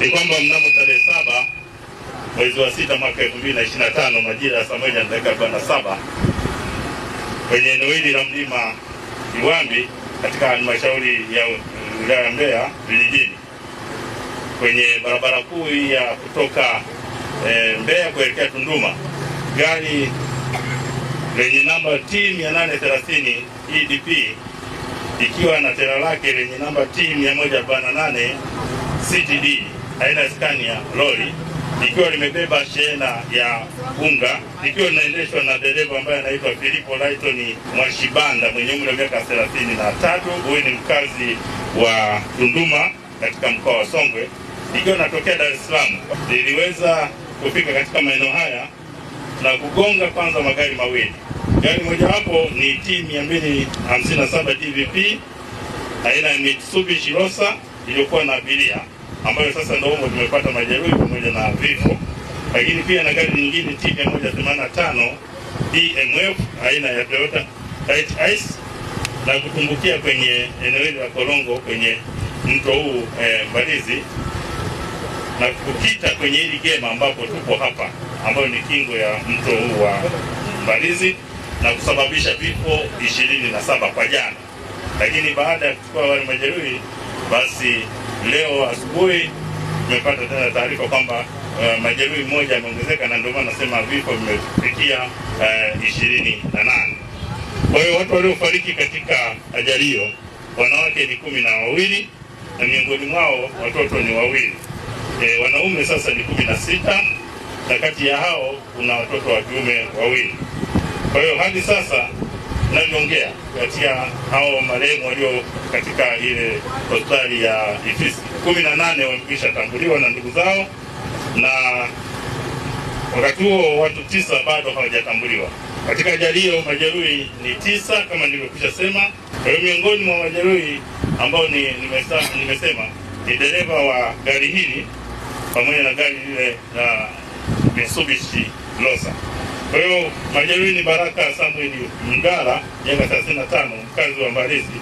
ni kwamba mnamo tarehe saba mwezi wa sita mwaka tano majira ya saa moja na dakika arobaini na saba kwenye eneo hili la mlima Iwambi katika halmashauri ya wilaya ya Mbeya vijijini kwenye barabara kuu ya kutoka e, Mbeya kuelekea Tunduma gari lenye namba T 830 EDP ikiwa na tera lake lenye namba T 148 CTD aina ya Scania lori likiwa limebeba shehena ya unga likiwa linaendeshwa na dereva ambaye anaitwa Filipo Laitoni Mwashibanda mwenye umri wa miaka thelathini na tatu. Huyu ni mkazi wa Tunduma katika mkoa wa Songwe, likiwa linatokea Dar es Salaam. Liliweza kufika katika maeneo haya na kugonga kwanza magari mawili. Gari mojawapo ni T 257 DVP aina ya Mitsubishi Rosa iliyokuwa na abiria ambayo sasa Ndoombo tumepata majeruhi pamoja na vifo, lakini pia na gari nyingine T 185 DMF aina ya Toyota Light Ice na kutumbukia kwenye eneo hili la korongo kwenye mto huu eh, Mbalizi na kupita kwenye hili gema ambapo tupo hapa, ambayo ni kingo ya mto huu wa Mbalizi na kusababisha vifo ishirini na saba kwa jana, lakini baada ya kuchukua wale majeruhi basi Leo asubuhi tumepata tena taarifa kwamba uh, majeruhi mmoja ameongezeka na ndio maana nasema vifo vimefikia eh, ishirini na nane. Kwa hiyo watu waliofariki katika ajali hiyo wanawake ni kumi na wawili na miongoni mwao watoto ni wawili. E, wanaume sasa ni kumi na sita na kati ya hao kuna watoto wa kiume wawili. Kwa hiyo hadi sasa tunavyoongea kati ya hao marehemu walio katika ile hospitali ya Ifisi, kumi na nane wamekwisha tambuliwa na ndugu zao, na wakati huo watu tisa bado hawajatambuliwa. Katika ajali hiyo majeruhi ni tisa kama nilivyokwisha sema. Kwa hiyo miongoni mwa majeruhi ambao ni, nimesema, nimesema ni dereva wa gari hili pamoja na gari lile la Mitsubishi Losa. Kwa hiyo ni Baraka Samuel Mgara miaka 35, mkazi wa Mbalizi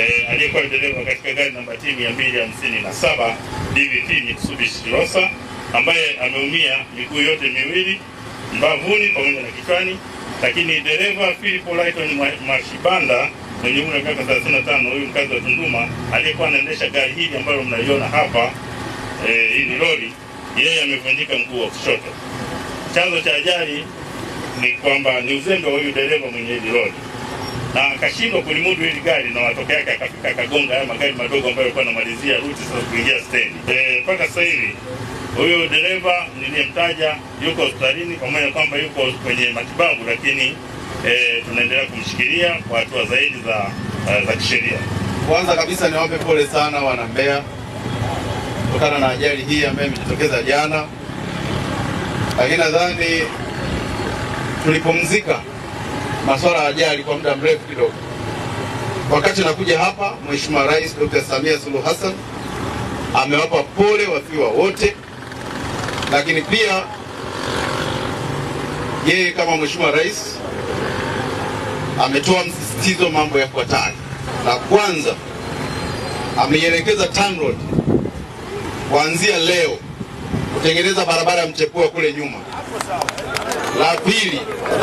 e, aliyekuwa dereva katika gari namba T 257 DVT Mitsubishi Rosa ambaye ameumia miguu yote miwili mbavuni pamoja na kichwani, lakini dereva Philip Lighton Mashibanda mwenye umri wa miaka 35, huyu mkazi wa Tunduma aliyekuwa anaendesha gari hili ambalo mnaliona hapa e, hii ni lori, yeye amevunjika mguu wa kushoto. Chanzo cha ajali ni kwamba ni uzembe wa huyu dereva mwenyeji lori na akashindwa kulimudu hili gari na watoke yake akafika akagonga haya magari madogo ambayo alikuwa anamalizia ruti sasa kuingia stendi. E, mpaka e, sasa hivi huyu dereva niliyemtaja yuko hospitalini, pamoja kwamba yuko kwenye matibabu, lakini e, tunaendelea kumshikilia kwa hatua zaidi za, e, za kisheria. Kwanza kabisa niwape pole sana wana Mbeya kutokana na ajali hii ambayo imejitokeza jana, lakini nadhani tulipumzika masuala ya ajali kwa muda mrefu kidogo. Wakati nakuja hapa, Mheshimiwa Rais Dr. Samia Suluhu Hassan amewapa pole wafiwa wote, lakini pia yeye kama Mheshimiwa Rais ametoa msisitizo mambo ya kuatani. La kwanza, ameielekeza TANROADS kuanzia leo kutengeneza barabara ya mchepua kule nyuma la pili,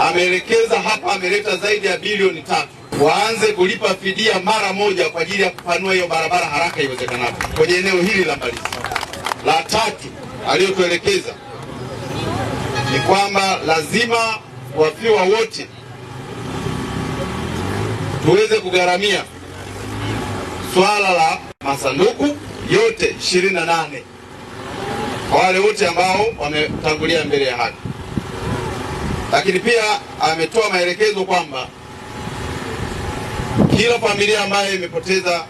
ameelekeza hapa, ameleta zaidi ya bilioni tatu waanze kulipa fidia mara moja kwa ajili ya kupanua hiyo barabara haraka iwezekanavyo kwenye eneo hili la Mbalizi. La tatu aliyotuelekeza ni kwamba lazima wafiwa wote tuweze kugharamia swala la masanduku yote 28 kwa wale wote ambao wametangulia mbele ya haki. Lakini pia ametoa maelekezo kwamba kila familia ambayo imepoteza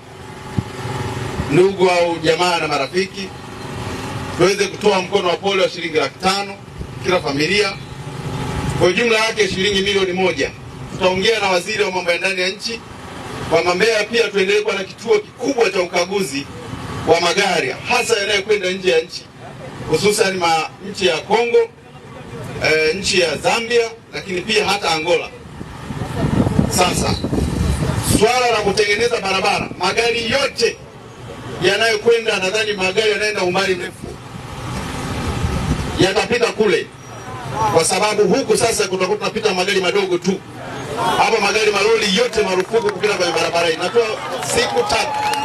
ndugu au jamaa na marafiki tuweze kutoa mkono wa pole wa shilingi laki tano kila familia, kwa jumla yake shilingi milioni moja. Tutaongea na waziri wa mambo ya ndani ya nchi kwamba Mbeya pia tuendelee kuwa na kituo kikubwa cha ukaguzi wa magari hasa yanayokwenda nje ya nchi, hususan nchi ya Kongo e, nchi ya Zambia, lakini pia hata Angola. Sasa swala la kutengeneza barabara, magari yote yanayokwenda, nadhani magari yanaenda umbali mrefu yatapita kule, kwa sababu huku sasa kutakuwa tunapita magari madogo tu. Hapa magari malori yote marufuku kupita kwenye barabara hii, natoa siku tatu